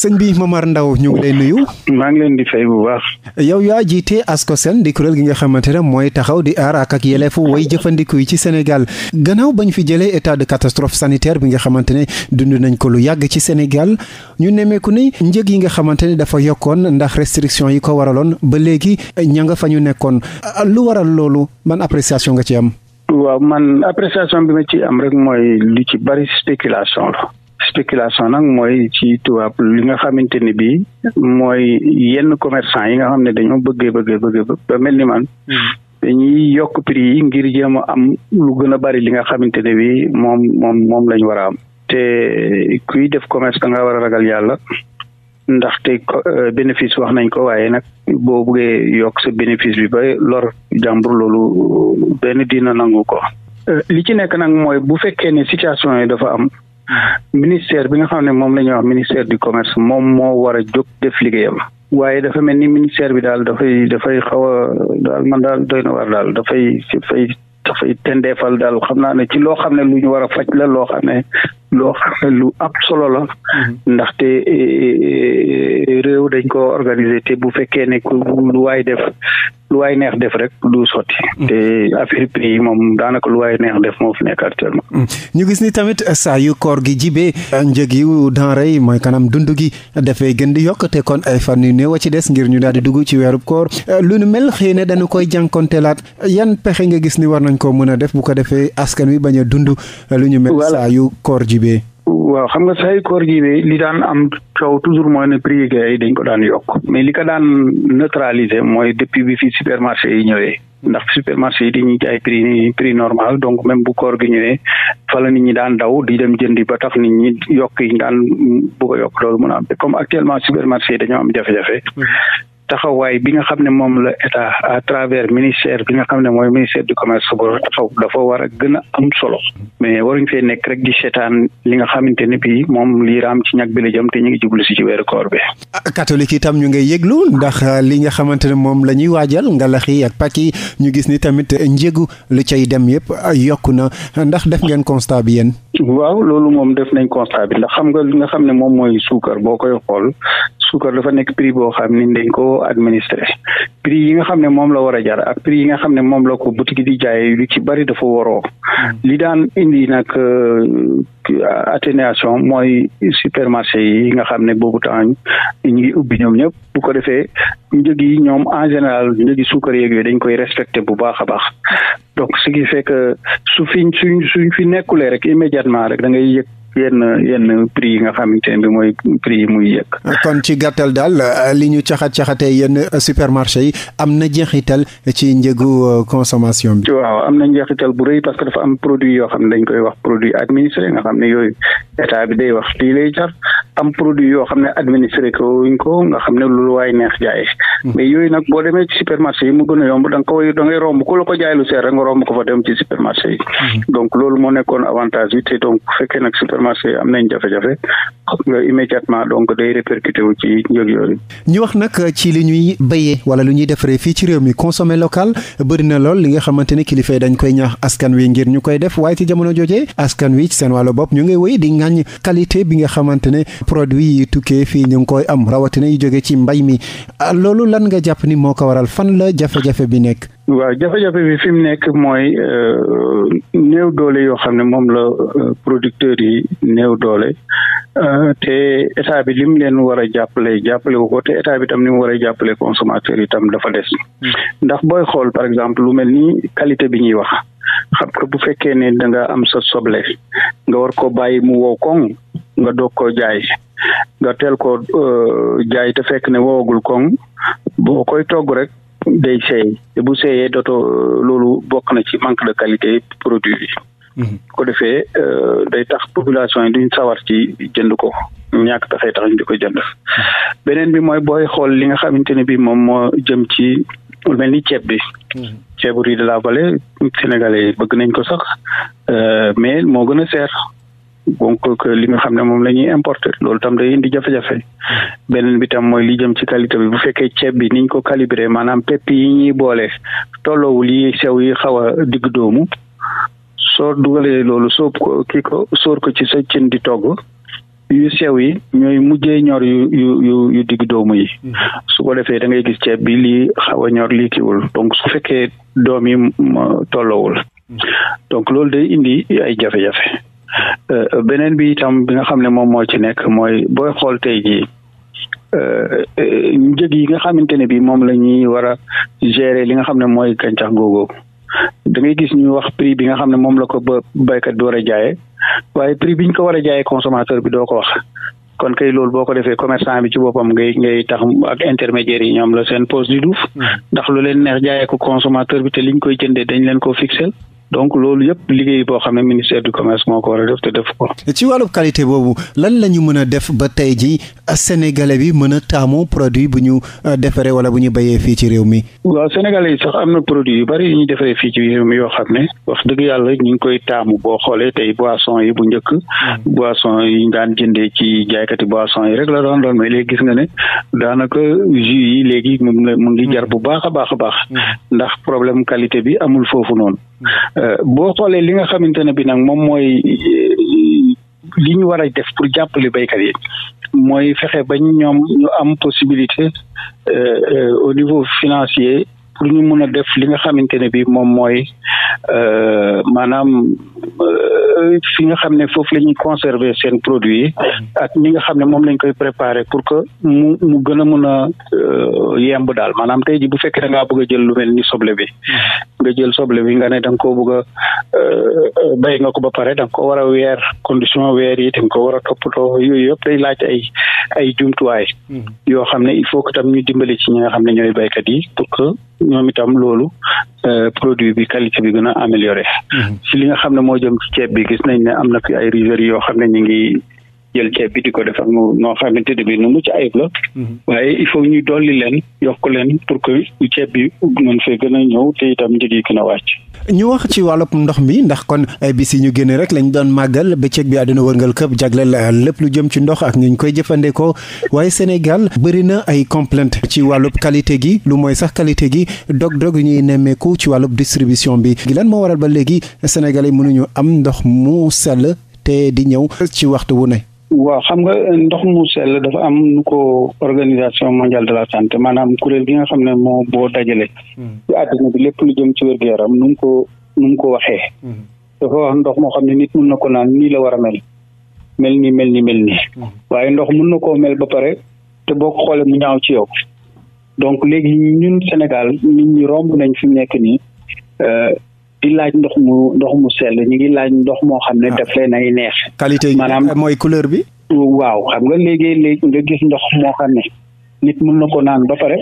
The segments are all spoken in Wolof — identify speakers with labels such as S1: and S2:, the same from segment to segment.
S1: sëñ bi Momar Ndao ñu ngi lay nuyu. maa ngi leen di fay bu baax. yow yaa jiite ASCOSEN di kuréel gi nga xamante ne mooy taxaw di aar ak ak yeleefu way jëfandiku yi ci Sénégal gannaaw bañ fi jëlee état de catastrophe sanitaire bi nga xamante ne dund nañ ko lu yàgg ci Sénégal ñu nemmeeku ni njëg yi nga xamante ne dafa yokkoon ndax restriction yi ko waraloon ba léegi ña fa ñu nekkoon lu waral loolu man appréciation nga ci am.
S2: waaw man appréciation bi ma ci am rek mooy lu ci bari la. spéculation nag mooy ci tubaab li nga xamante ni bii mooy yenn commercant yi nga xam ne dañoo bëggee bëggee bëggee ba mel ni man. dañuy yokk prix yi ngir jéem a am lu gën a bari li nga xamante ne bii moom moom moom lañ war a am. te kuy def commerce da nga war a ragal yàlla ndaxte euh, bénéfice wax nañ ko waaye nag boo buggee yokk sa bénéfice bi ba lor jàmbur loolu benn dina nangu ko. Euh, li ci nekk bu fekkee situation yi dafa am. ministère bi nga xam ne moom la ñuy wax ministère du commerce moom moo war a jóg def liggéeyam. waaye dafa mel ni ministère bi daal dafay dafay xaw a daal man daal doy na war daal dafay dafay dafay tendeefal daal xam naa ne ci loo xam ne lu ñu war a faj la loo xam ne loo xam lu am solo la mm-hmm. ndaxte eh, eh, eh, réew dañ ko organiser te bu fekkee ne lu waay def lu waay neex def rek du sotti mm-hmm. te affaire moom daanaka lu waay neex def moo fi nekk actuellement
S1: mm-hmm. ñu gis ni tamit saa yu koor gi jibee njëg yu denrée yi mooy kanam dund gi dafay gën di yokk kon ay fan yu néew a ci des ngir ñu daal di dugg ci weerub koor lu nu mel xëy na dañu koy jànkontelaat yan pexe nga gis ni war nañ ko mën a def bu ko defee askan wi bañ a dund lu ñu mel saa yu koor ji jibee
S2: waaw xam nga say gi jibee li daan am coow toujours mooy ne prix yi dañ ko daan yokk mais li ko daan neutraliser mooy depuis bi fii supermarché yi ñëwee ndax supermarché yi dañuy jaay prix prix normal donc même bu koor gi ñëwee fa la ñi daan daw di dem jëndi ba tax nit ñi yokk yi daan bëgg a yokk loolu mën a am comme actuellement supermarché yi dañoo am jafe-jafe mm-hmm. taxawaay bi nga xam ne moom la état à travers ministère bi nga xam ne mooy ministère du commerce boobu dafa war a gën a am solo mais waruñ fee nekk rek di seetaan li nga xamante ne bii moom lii raam ci ñag bi la jëm te ñu ngi jublu ci weeru bi.
S1: Ah, catholique itam ñu ngay yëglu ndax euh, li nga xamante ne moom la ñuy waajal ngalax yi ak ñu gis ni tamit euh, njëgu lu cay dem yëpp euh, yokku na ndax def ngeen constat bi yéen.
S2: waaw loolu moom def nañ constat bi ndax xam nga li nga xam ne moom mooy suukar boo koy xool sukar dafa nekk prix boo xam ni dañ ko administré prix yi nga xam ne moom la war a jar ak prix yi nga xam ne moom la ko boutique di jaay lu ci bari dafa waroo hmm. li daan indi nag euh, atténuation mooy supermarché yi nga xam ne boobu temps ñu ngi ubbi ñoom ñëpp bu ko defee njëg yi ñoom en général njëgi suukar yeeg yooyu dañ koy respecté bu baax a baax donc ce qui fait que su fi suñ suñ fi nekkulee rek immédiatement rek da ngay yëg yenn yenn prix yi nga xamante ne bi mooy prix yi muy
S1: yëg. kon ci gàttal daal euh, li ñu caxat caxatee yenn euh, supermarché yi am na jeexital ci njëgu euh, consommation bi.
S2: waaw am na njeexital bu rëy parce que dafa am produit yoo xam ne dañ koy wax produit administré nga xam ne yooyu état bi day wax lii lay jar am produit yoo xam ne administré ko nga xam ne lu waay neex jaay hmm. mais yooyu nag boo demee ci supermarché yi mu gën a yomb da koy da ngay romb ku ko jaay seer rek nga romb ko fa dem ci supermarché yi hmm. donc loolu moo nekkoon avantage yi te donc fekkee nag supermarché am nañ jafe-jafe xam nga immédiatement donc day répercuté wu ci njëg yooyu
S1: ñu wax nag ci li ñuy béyee wala lu ñuy defaree fii ci réew mi consommer local bëri lool li nga produit yi tukkee fii ñu ngi koy am rawatina yi jóge ci mbay mi ah, loolu lan nga jàpp ni moo ko waral fan la jafe-jafe bi nekk.
S2: waaw jafe-jafe bi fi mu nekk mooy euh, néew doole yoo xam ne moom la euh, producteurs yi néew doole euh, te état bi lim leen war a jàppale jàppale ko te état bi tam ni mu war a jàppale consommateurs yi tam dafa des. Hmm. ndax booy xool par exemple lu mel ni qualité bi ñuy wax. xam nga bu fekkee ne da nga am sa soble nga war ko bàyyi mu wow koŋ nga doog ko jaay nga teel ko euh, jaay te fekk ne wowagul koŋ boo koy togg rek day seey te bu seeyee dooto euh, loolu bokk na ci manque de qualité produit bi. Mhm. ko defee euh, day tax population yi duñ sawar ci jënd ko ñàkk taxee tax ñu di ko jënd. Mhm. beneen bi mooy booy xool li nga xamante ne bi moom moo jëm ci. lu mel ni ceeb bi. Mhm. ceebu riz de la vallée sénégalais bëgg nañ ko sax euh, mais moo gën a seer donc que li nga xam ne moom la ñuy importer loolu tam day indi jafe-jafe mhm. beneen bi tam mooy li jëm ci qualité bi bu fekkee ceeb bi niñ ko calibré maanaam pepp yi ñuy boole tolloowul yi sew yi xaw a digg doomu soo dugalee loolu soo ko kii ko sóor ko ci sa cin di togg. yu sew yi ñooy mujjee ñor yu yu yu yu digg doomu yi hmm. su ko defee da ngay gis ceeb bi lii xaw a ñor lii donc su fekkee doom yi tolloowul hmm. donc loolu day indi ay jafe-jafe euh, beneen bi itam bi nga xam ne moom moo ci nekk mooy booy xool tey jii euh, euh, njëg yi nga xamante ne bi moom la ñuy war a gérer li nga xam ne mooy gàncax googu dangay gis ñuy wax prix bi nga xam ne moom la ko ba baykat bi war a jaayee waaye prix bi ko war a jaayee consommateur bi doo ko wax kon kay loolu boo ko defee commerçant bi ci boppam ngay ngay tax ak intermédiaire yi ñoom la seen poste du duuf hmm. ndax lu leen neex jaayee ko consommateur bi te liñ koy jëndee dañ leen ko fixel donc loolu yëpp liggéey boo xam ne ministère du commerce ko war a def te def ko.
S1: ci wàllub qualité boobu lan la ñu mën a def ba tey ji euh, sénégalais bi mën a taamu produit bu ñu euh, defaree wala bu ñu bayee fii ci réew mi.
S2: waaw sénégalais yi sax am na produit yu bari yu ñu defaree fii ci réew mi yoo xam ne wax dëgg yàlla ñu ngi koy taamu boo xoolee tey boisson yi bu njëkk. Hmm. boisson yi ñu daan jëndee ci jaaykati boisson yi rek la doon doon mais léegi gis nga ne daanaka jus yi léegi mu ngi jar bu baax a baax a baax. Hmm. ndax problème qualité bi amul foofu noonu. Euh, boo xoolee li nga xamante ne bi nag moom mooy euh, li ñu war a def pour jàppale béykat yi mooy fexe bañ ñoom ñu am possibilité euh, au niveau financier pour ñu mun a def li nga xamante ne bi moom mooy euh, maanaam euh, fi nga xam ne foofu la ñuy conserver seen produit ak ñi nga xam ne moom lañ koy préparer pour que mu mu gën a mun a euh, yemb daal maanaam tey ji bu fekkee na ngaa bëgg jël lu mel ni soble bi nga jël soble bi nga ne da nga koo bëgg a bay nga ko ba pare da ko war weer condition weer yi da ko war a toppatoo yooyu yëpp day laaj ay ay jumtuwaay hmm. yoo xam ne il faut que tam ñuy dimbali ci ñi nga xam ne ñooy baykat yi ñoom itam loolu euh, produit bi qualité bi gën a amélioré. ci mm-hmm. li nga xam ne moo jëm ceeb bi gis nañ ne am na fi ay rizerie yoo xam ne ñu ngi jël ceeb bi di ko defar no noo xamante ne bii nu mu ci ayib la mhm. waaye il faut ñuy dolli leen yokk leen pour que ceeb bi mën fee gën a ñëw te itam njëg yi gën a wàcc
S1: ñu wax ci wàllu ndox mi ndax kon ay eh, bis yi ñu génn rek lañ doon màggal ba bëccëg bi àdduna wërngal këpp jagleel eh, lépp lu jëm ci ndox ak ñu koy jëfandikoo waaye Sénégal bëri na ay complainte ci wàllu qualité gi lu mooy sax qualité gi dog-dog ñuy nemmeeku ci wàllu distribution bi gi lan moo waral ba léegi Sénégalais mënuñu am ndox mu sell te di ñëw ci waxtu wu ne
S2: waaw xam nga euh, ndox mu sell dafa am nu ko organisation mondiale de la santé maanaam kuréel gi nga xam ne moo boo dajale. Hmm. ci àddina bi lépp lu jëm ci wér gu yaram nu ko nu mu ko waxee. Hmm. dafa wax ndox moo xam ne nit mun na ko naan nii la war a mel. mel nii mel nii mel nii. Hmm. waaye ndox mun na koo mel ba pare te boo ko xoolee mu ñaaw ci yow. donc léegi ñun Sénégal nit ñi romb nañ fi mu nekk nii euh, di laaj ndox mu ndox mu sell ñu ngi laaj ndox moo xam ne ah. daf leen ay neex. qualité maanaam mooy couleur bi. waaw xam nga léegi léegi nga gis ndox moo xam ne nit mën na ko naan ba pare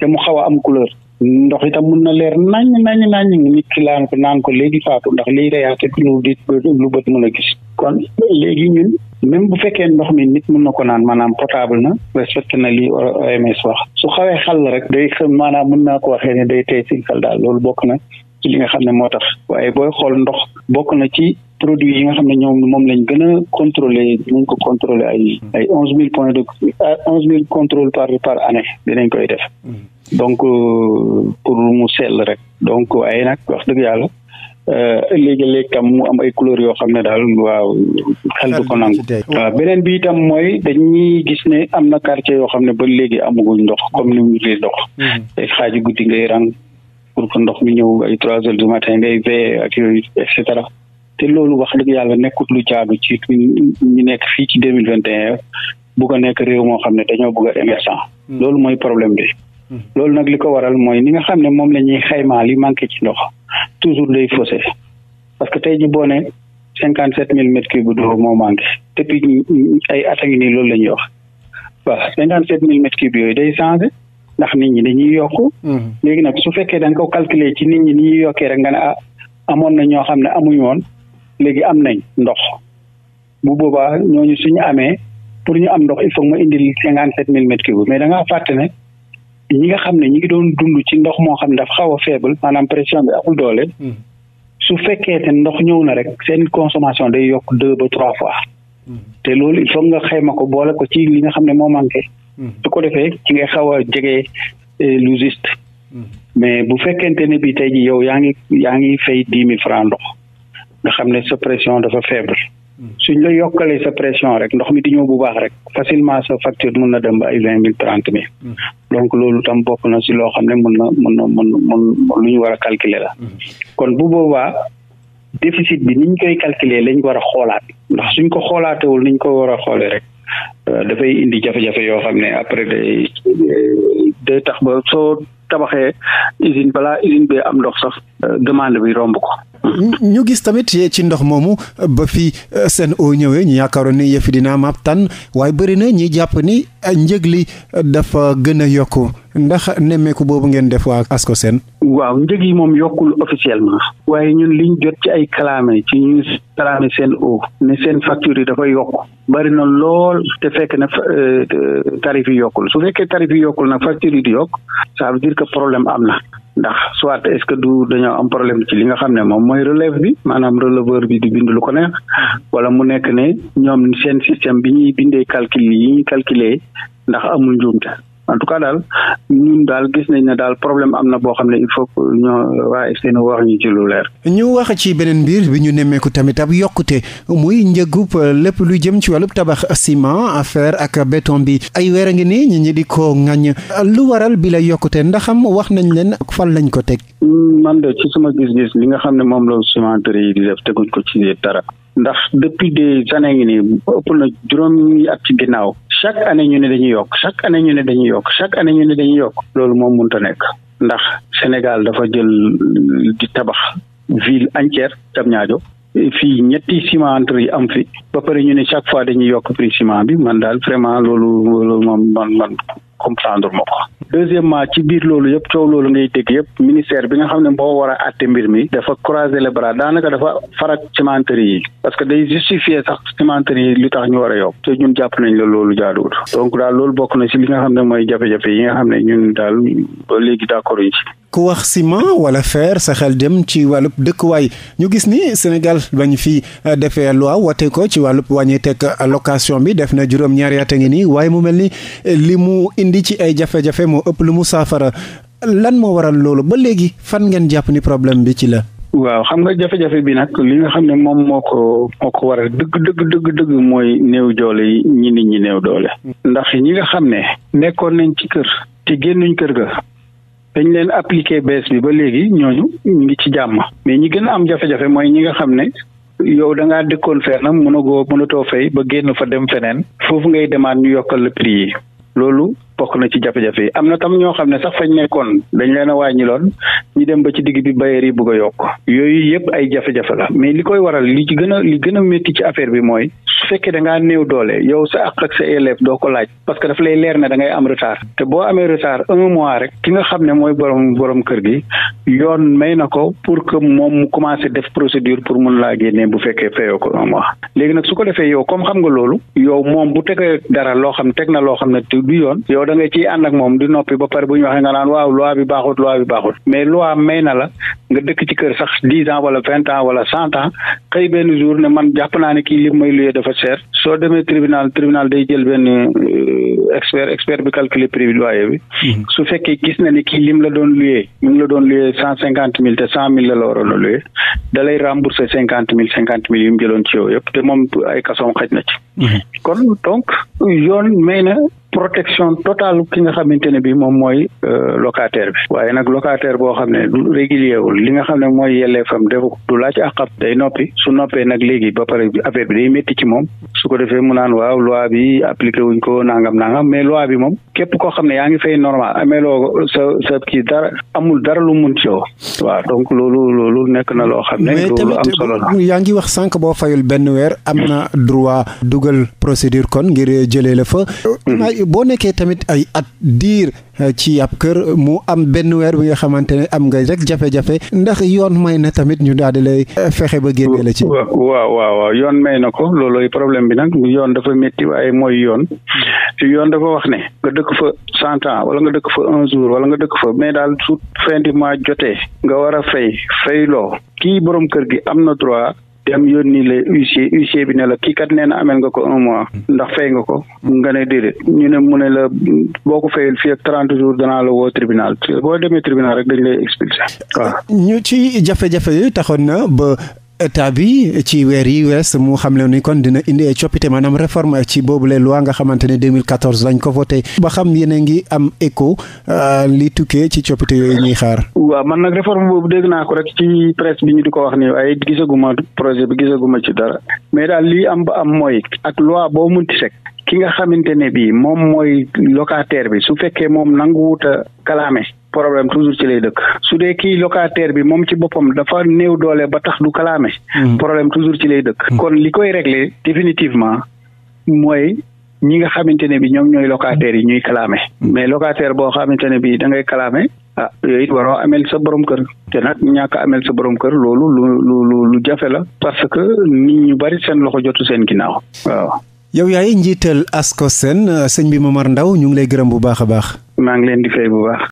S2: te mu xaw a am couleur. ndox itam mën na leer nañ nañ nañ nit ki laan ko naan ko léegi faatu ndax lii reyaate lu di lu bët mën a gis kon léegi ñun même bu fekkee ndox mi nit mun na ko naan maanaam potable na respecté na lii OMS su xawee xal rek day xam maanaam mën naa ko waxee ne day tey si xel daal loolu bokk na ci li nga xam ne moo tax waaye booy xool ndox bokk na ci produit yi nga xam ne ñoom moom lañ gën a contrôlé dinañ ko contrôlé ay hmm. ay onze mille points de ah, onze mille contrôle par par année dinañ koy def hmm. donc euh, pour mu sell rek donc waaye nag wax dëgg yàlla euh, léegi-léeg tam mu am ay couleur yoo xam ne daal waaw xel du ko nangu waaw beneen bi itam mooy dañuy gis ne am na quartier yoo xam ne ba léegi amaguñ ndox comme ni ñu ngi ndox te xaaju pour que ndox mi ñëw ay trois heures du et cetera te loolu wax dëgg yàlla nekkut lu jaadu ci ñu nekk fii ci deux mille vingt et un nekk réew moo xam ne dañoo bëgg a émergent hmm. loolu mooy problème bi hmm. loolu nag li ko waral mooy ni nga xam ne moom la ñuy xaymaa li manqué ci ndox toujours day faussé parce que tey ji boo ne cinquante sept mille mètres cube d'eau moo manqué te ay at a ngi nii loolu la ñuy wax cinquante sept mille mètres cube yooyu day changé ndax nit ñi dañuy yokk mm-hmm. léegi nag su fekkee da nga ko calculer ci nit ñi ni ñuy yokkee rek nga ne ah amoon na ñoo xam ne amuñu woon léegi am nañ ndox bu boobaa ñooñu suñu amee pour ñu am ndox il faut ma indil cinquante sept mille mètres cubes mais da ngaa fàtte ne ñi nga xam ne ñi ngi doon dund ci ndox moo xam ne dafa xaw a faible maanaam pression bi amul doole mm-hmm. su fekkee te ndox ñëw na rek seen consommation day yokk deux ba trois fois mm-hmm. te loolu il faut nga xayma ko boole ko ci li nga xam ne moo manqué su ko defee ci nga xaw a jege eh, lu mais bu fekkente ne bi tey ji yow yaa ngi yaa ngi fay dix mille francs ndox nga xam ne sa pression dafa faible suñ la yokkalee sa pression rek ndox mi di ñëw bu baax rek facilement sa facture mun na dem ba ay vingt mille trente mille donc loolu tam bokk na si loo xam ne mun na mun na mun mun lu ñu war a calculer la kon bu boobaa déficit bi niñ koy calculer lañ war a xoolaat ndax suñ ko xoolaatewul niñ ko war a xoolee rek Euh, dafay indi jafe-jafe yoo xam ne après day day tax ba soo tabaxee usine balaa usine bi am dox sax euh, demande bi romb ko
S1: ñu gis tamit ci ndox moomu ba fi euh, Sen'Eau ñëwee ñu yaakaaroon ni yëfi dina am ab tànn waaye bëri na ñi jàpp ni euh, njëg li euh, dafa gën a yokk ndax nemmeeku boobu ngeen def waa seen waaw
S2: njëg yi moom yokkul officiellement. waaye ñun liñ jot ci ay kalaame ci ñu kalaame Sen'Eau ne seen facture yi dafa yokk. bari na lool te fekk na tarif yi yokkul su fekkee tarif yi yokkul nag facture yi di yokk ça veut dire que problème am na ndax soit est-ce que du dañoo am problème ci li nga xam ne moom mooy relève bi maanaam releveur bi di bind ko neex wala mu nekk ne ñoom seen système bi ñuy bindee calcul yi ñuy calculer ndax amul njuumte en tout cas daal ñun daal gis nañ ne daal problème am na boo xam ne il faut que ñoo waa seen wax ñu ci lu leer.
S1: ñu wax ci beneen mbir bi ñu nemmeeku tamit ab yokkute muy njëgub lépp luy jëm ci wàllub tabax ciment affaire ak beton bi ay weer a ngi nii ñi ñi di ko ŋaññ lu waral bi la yokkute ndax am wax nañ leen fan lañ ko teg.
S2: Mm, man de ci suma gis-gis li nga xam ne moom la cimenterie yi def teguñ ko ci dara. ndax depuis des années ngi nii ëpp na juróomi at ci ginnaaw chaque année ñu ne dañuy yokk chaque année ñu ne dañuy yokk chaque année ñu ne loolu moom mënut a nekk ndax Sénégal dafa jël di tabax ville entière jam ñaajo fii ñetti cimenterie yi am fi ba pare ñu ne chaque fois dañuy yokk prix ciment bi man daal vraiment loolu loolu moom man man comprendre ma ko deuxièmement ci biir loolu yëpp coow loolu ngay dégg yëpp ministère bi nga xam ne moo war a àtte mbir mi dafa croiser les daanaka dafa farak cimenterie yi parce que day justifier sax cimenterie yi li tax ñu war a yokk te ñun jàpp nañ la loolu jaaduwul donc daal loolu bokk na ci li nga xam ne mooy jafe-jafe yi nga xam ne ñun daal ba léegi d'accord yi ci
S1: ku wax ciment wala fer sa xel dem ci wàllub dëkkuwaay ñu gis ni Sénégal bañ fi euh, defee loi wate ko ci wàllub wàññi teg location bi def na juróom-ñaari a ngi indi ci ay jafe-jafe moo ëpp lu mu saafara lan moo waral loolu ba léegi fan ngeen jàpp ni problème bi ci la.
S2: waaw xam nga jafe-jafe bi nag li nga xam ne moom moo ko moo ko waral dëgg dëgg dëgg dëgg mooy néew joole yi ñi nit ñi néew doole. ndax ñi nga xam ne nekkoon nañ ci kër te génnuñ kër ga. dañ leen appliqué bees bi ba léegi ñooñu ñu ngi ci jàmm mais ñi gën a am jafe-jafe mooy ñi nga xam ne yow da ngaa dëkkoon fenn mënagoo mënatoo fay ba génn fa dem feneen foofu ngay demaat ñu yi bokk na ci jafe-jafe yi am na tam ñoo xam ne sax fañ nekkoon dañ leen a wàññi loon ñu dem ba ci digg bi bayeer yi bëgg a yokk yooyu yëpp ay jafe-jafe la mais li koy waral li ci gën a li gën a métti ci affaire bi mooy su fekkee da ngaa néew doole yow sa àq ak sa ko laaj parce que dafa lay leer ne danga ngay am retard te boo amee retard un mois rek ki nga xam ne mooy borom borom kër gi yoon may na ko pour que moom mu commencé def procédure pour mun laa génnee bu fekkee fayoo ko un mois su ko defee yow comme xam nga loolu yow moom bu tegee dara loo xam teg na loo xam ne du yoon yow da ci ciy ànd ak moom di noppi ba pare bu ñu waxee nga naan waaw loi bi baaxut loi bi baaxut mais loi may na la nga dëkk ci kër sax dix ans wala vingt wala cent ans xëy benn naa ne kii li dafa soo demee tribunal tribunal day jël benn euh, expert expert bi calculer prix loyer bi hmm. su fekkee gis na ni kii lim la doon luyee mi ngi la doon luyee cent cinquante mille te cent mille la la waroon a luyee da lay rembourser cinquante mille cinquante mille yu mu jëloon ci yow yëpp te moom ay kasoom xaj na ci Mhm. kon donc yoon may na protection total ki nga xamante ne bi moom mooy euh, locataire bi waaye nag locataire boo xam ne du régulier wul li nga xam ne mooy fam defu du laaj àqam day noppi su noppee nag léegi ba pare affaire bi day métti ci moom su ko defee mu naan waaw loi bi appliqué wuñ ko nangam nangam mais loi bi moom képp koo xam ne yaa ngi fay normal ameeloo ah, sa sa kii dara amul dara lu mun ci yow waaw donc loolu loolu nekk na loo xam ne
S1: yaa ngi dugal procédure kon ngir jëlee la fa. boo nekkee tamit ay at diir euh, ci ab kër mu am benn weer bi nga xamante ne am nga rek jafe ndax yoon may na tamit ñu daal di lay euh, fexe ba génne la ci.
S2: waaw waaw yoon may na ko loolooy problème bi nag yoon dafa metti waaye mooy yoon yoon dafa wax ne nga dëkk fa cent ans wala nga dëkk fa un jour wala nga dëkk fa mais daal su fin du jotee nga war a fay fayloo kii borom kër gi am na droit. dem yónni la huissier huissier bi ne kat nee amel nga ko un mois ndax fay nga ko nga ne déedéet ñu ne mu la boo ko fayul fii ak trente jours danaa la woo tribunal boo demee tribunal rek dañ lay expulsé
S1: waaw ñu ci jafe-jafe yooyu taxoon na ba état bi ci weer yi wees mu xam le ni kon dina indi ay coppite maanaam réforme ci boobule loi nga xamante ne 2014 lañ ko voté ba xam yéen a ngi am écho euh, li tukkee ci coppite yooyu ñuy xaar.
S2: waaw man nag réforme boobu dégg naa ko rek ci presse bi ñu di ko wax nii waaye gisaguma projet bi gisaguma ci dara mais daal lii am ba am mooy ak loi boo munti sek ki nga xamante ne bii moom mooy locataire bi su fekkee moom nanguwuta kalaame problème toujours ci lay dëkk su dee kii locataire bi moom ci boppam dafa néew doole ba tax du kalaame. Hmm. problème toujours ci lay dëkk. Hmm. kon li koy régler définitivement mooy ñi nga xamante ne bi ñoom ñooy locataires yi ñuy kalaame. Hmm. mais locataire boo xamante ne bi dangay ngay kalaame. ah yooyu waroo amel sa borom kër te nag ñàkk ameel sa borom kër loolu lu lu lu jafe la parce que nit ñu bari seen loxo jotu seen ginnaaw waaw.
S1: yow yaay njiital Ascosen sëñ bi Momar Ndao lay gërëm bu baax a baax.
S2: ngi leen di bu baax.